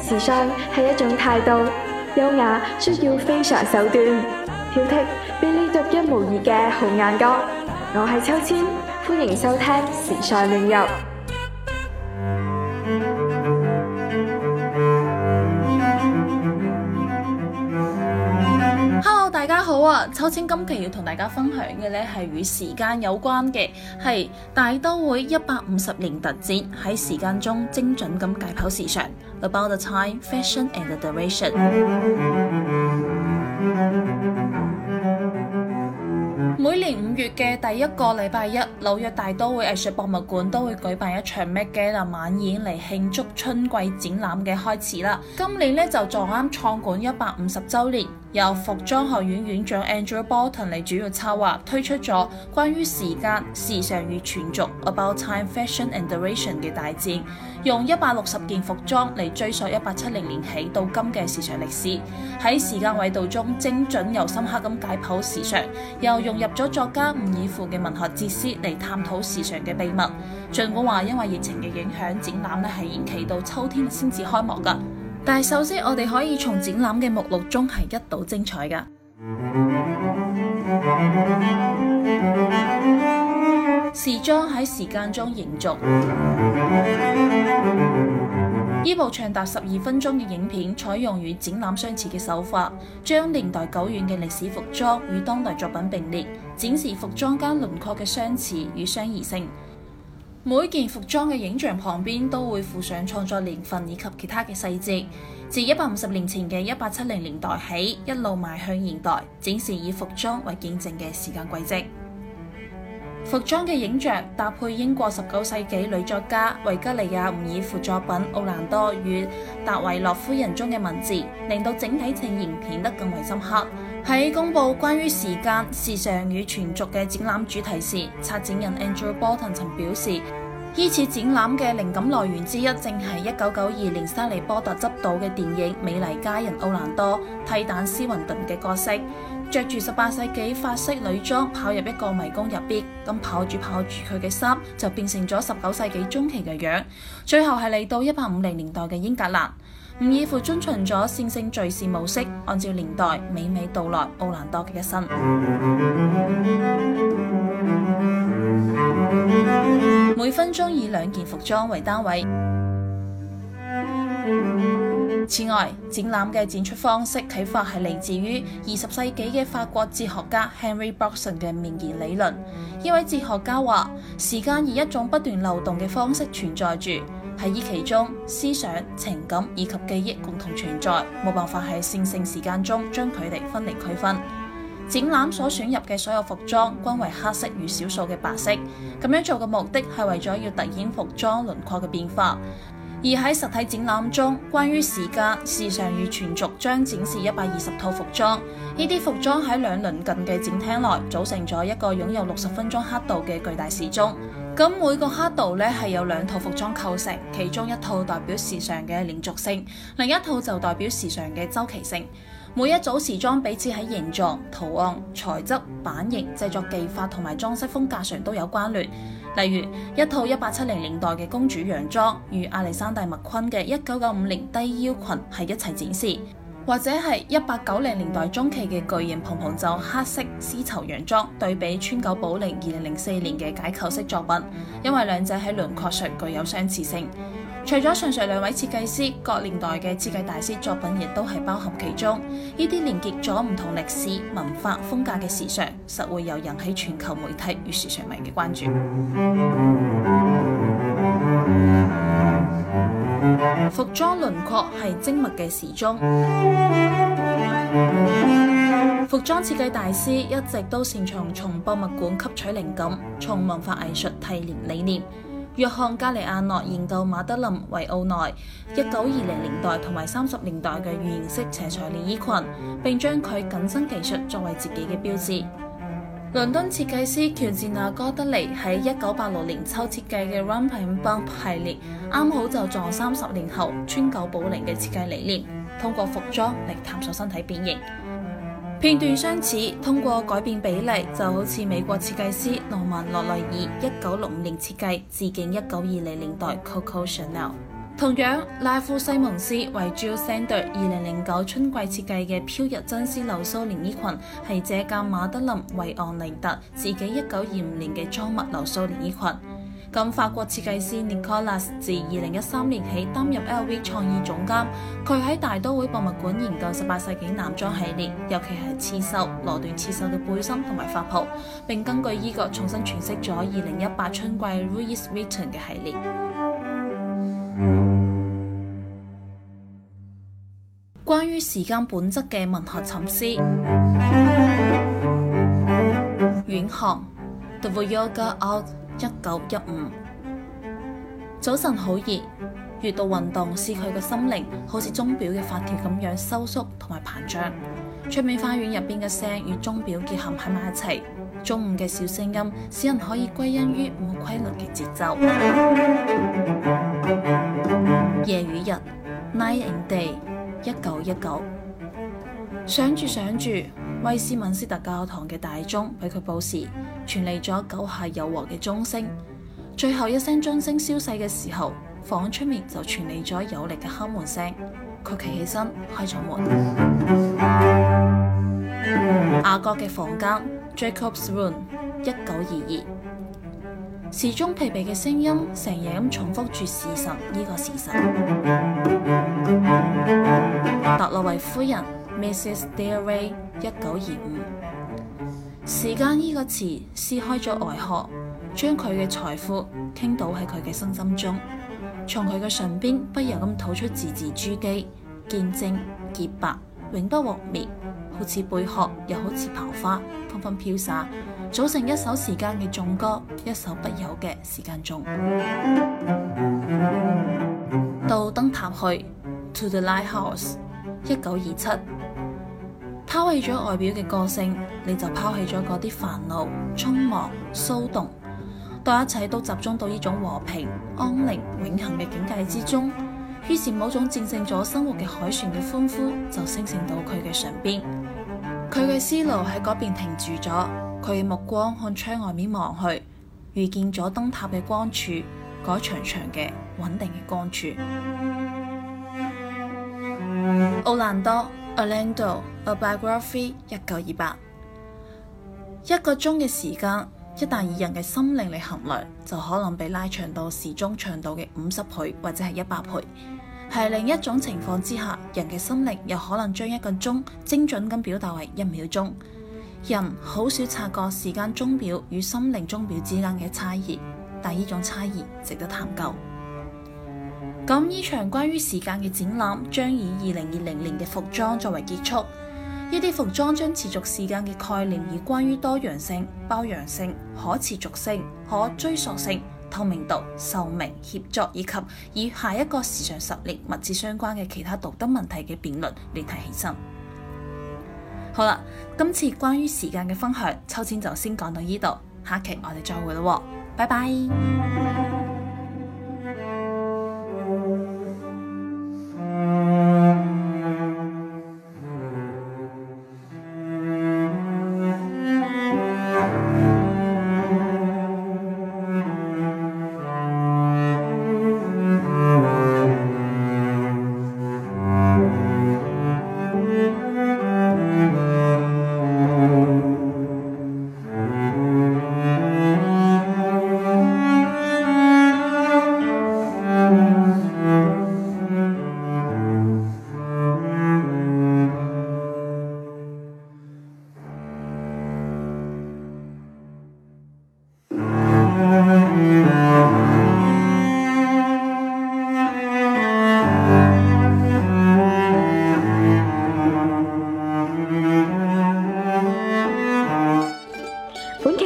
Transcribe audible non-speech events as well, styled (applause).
時尚係一種態度，優雅需要非常手段，挑剔，俾你獨一無二嘅好眼光。我係秋千，歡迎收聽時尚亂遊。哇！秋千今期要同大家分享嘅呢，係與時間有關嘅，係大都會一百五十年特展喺時間中精準咁解剖時尚，About the time, fashion and duration。每年。月嘅第一個禮拜一，紐約大都會藝術博物館都會舉辦一場 Met Gala 嘅晚宴嚟慶祝春季展覽嘅開始啦。今年呢，就撞啱創館一百五十周年，由服裝學院院長 Andrew Bolton 嚟主要策劃，推出咗關於時間、時尚與存續 About Time Fashion and Duration 嘅大展，用一百六十件服裝嚟追溯一八七零年起到今嘅時尚歷史，喺時間緯度中精準又深刻咁解剖時尚，又融入咗作家。吳爾芙嘅文學哲思嚟探討時尚嘅秘密。儘管話因為疫情嘅影響，展覽咧係延期到秋天先至開幕噶。但係首先，我哋可以從展覽嘅目錄中係一睹精彩噶。時裝喺時間中延續。呢部長達十二分鐘嘅影片，採用與展覽相似嘅手法，將年代久遠嘅歷史服裝與當代作品並列，展示服裝間輪廓嘅相似與相異性。每件服裝嘅影像旁邊都會附上創作年份以及其他嘅細節，自一百五十年前嘅一八七零年代起，一路邁向現代，展示以服裝為見證嘅時間軌跡。服裝嘅影像，搭配英國十九世紀女作家維吉尼亞·吳爾芙作品《奧蘭多》與《達維洛夫人》中嘅文字，令到整體呈現顯得更為深刻。喺公布關於時間、時尚與存續嘅展覽主題時，策展人 Andrew Bolton 曾表示，依次展覽嘅靈感來源之一正係一九九二年莎莉波特執導嘅電影《美麗佳人奧蘭多》，蒂妲絲雲頓嘅角色。着住十八世紀法式女裝跑入一個迷宮入邊，咁跑住跑住佢嘅衫就變成咗十九世紀中期嘅樣，最後係嚟到一八五零年代嘅英格蘭。吳爾芙遵循咗線性敘事模式，按照年代娓娓道來奧蘭多嘅一生， (music) 每分鐘以兩件服裝為單位。 (music) 此外，展覽嘅展出方式啟發係嚟自於二十世紀嘅法國哲學家 Henri Bergson 嘅綿延理論。呢位哲學家話：時間以一種不斷流動嘅方式存在住，係以其中思想、情感以及記憶共同存在，冇辦法喺線性時間中將佢哋分離區分。展覽所選入嘅所有服裝均為黑色與少數嘅白色，咁樣做嘅目的係為咗要突顯服裝輪廓嘅變化。而喺實體展覽中，關於時間、時尚與存續，將展示一百二十套服裝。呢啲服裝喺兩輪近嘅展廳內，組成咗一個擁有六十分鐘刻度嘅巨大時鐘。咁每個刻度呢，係有兩套服裝構成，其中一套代表時尚嘅連續性，另一套就代表時尚嘅周期性。每一組時裝彼此喺形狀、圖案、材質、版型、製作技法同埋裝飾風格上都有關聯。例如一套一八七零年代嘅公主洋裝與亞歷山大麥昆嘅一九九五年低腰裙係一齊展示，或者係一八九零年代中期嘅巨型蓬蓬袖黑色絲綢洋裝對比川久保玲二零零四年嘅解構式作品，因為兩者喺輪廓上具有相似性。除咗上述兩位設計師，各年代嘅設計大師作品亦都係包含其中。呢啲連結咗唔同歷史、文化、風格嘅時尚，實會又引起全球媒體與時尚迷嘅關注。 (music) 服裝輪廓係精密嘅時鐘， (music) 服裝設計大師一直都擅長從博物館吸取靈感，從文化藝術提煉理念。約翰·加利亞諾研究馬德琳·維奧內一九二零年代同埋三十年代嘅語形式斜裁連衣裙，並將佢緊身技術作為自己嘅標誌。倫敦設計師喬治娜·哥德尼喺一九八六年秋設計嘅 Lump and Bump 系列，啱好就撞三十年後川久保玲嘅設計理念，通過服裝嚟探索身體變形。片段相似，通過改變比例，就好似美國設計師諾曼·諾雷爾一九六五年設計致敬一九二零年代 Coco Chanel。同樣，拉夫·西蒙斯為 Jil Sander 二零零九春季設計嘅飄逸真絲流蘇連衣裙，係借鑒馬德琳·維昂尼特自己一九二五年嘅裝物流蘇連衣裙。咁法國設計師 Nicolas 自二零一三年起擔任 LV 創意總監，佢喺大都會博物館研究十八世紀男裝系列，尤其係刺繡、羅緞刺繡嘅背心同埋法袍，並根據呢個重新詮釋咗二零一八春季 Louis Vuitton 嘅系列。 (music) 關於時間本質嘅文學沉思。 (music) 遠航。The Voyage Out。一九一五，早晨好熱。閱讀運動是佢嘅心靈，好似鐘錶嘅發條咁樣收縮同埋膨脹。出面花園入邊嘅聲與鐘錶結合喺埋一齊。中午嘅小聲音，使人可以歸因於冇規律嘅節奏。 (music) 夜與日，Night and Day，一九一九。想住想住。威斯敏斯特教堂嘅大鐘畀佢報時，傳嚟咗九下有和嘅鐘聲。最後一聲鐘聲消逝嘅時候，房出面就傳嚟咗有力嘅敲門聲。佢企起身，開咗門。雅 (music) 各嘅房間，Jacob’s Room，一九二二。時鐘疲憊嘅聲音成日咁重復住事實呢個事實。達洛維夫人。Mrs. Dalloway，一九二五。時間呢個詞撕開咗外殼，將佢嘅財富傾倒喺佢嘅身心中，從佢嘅唇邊不由咁吐出字字珠璣，見證潔白永不磨滅，好似貝殼，又好似刨花，紛紛飄灑，組成一首時間嘅頌歌，一首不朽嘅時間頌。到燈塔去，To the Lighthouse，一九二七。拋棄咗外表嘅個性，你就拋棄咗嗰啲煩惱、匆忙、騷動，當一切都集中到呢種和平、安寧、永恆嘅境界之中，於是某種戰勝咗生活嘅凱旋嘅歡呼就升升到佢嘅上邊，佢嘅思路喺嗰邊停住咗，佢嘅目光向窗外面望去，遇見咗燈塔嘅光柱，嗰長長嘅穩定嘅光柱，奧蘭 (noise) 多。《Orlando》《A Biography》一九二八，一個鐘嘅時間，一旦以人嘅心靈嚟衡量，就可能被拉長到時鐘長度嘅五十倍或者係一百倍。喺另一種情況之下，人嘅心靈又可能將一個鐘精準咁表達為一秒鐘。人好少察覺時間鐘表與心靈鐘表之間嘅差異，但呢種差異值得探究。.咁呢場關於時間嘅展覽將以二零二零年嘅服裝作為結束，呢啲服裝將持續時間嘅概念，以關於多樣性、包容性、可持續性、可追溯性、透明度、壽命、協作以及以下一個時尚十年密切相關嘅其他道德問題嘅辯論嚟提起身。好啦，今次關於時間嘅分享，秋千就先講到呢度，下期我哋再會啦，拜拜。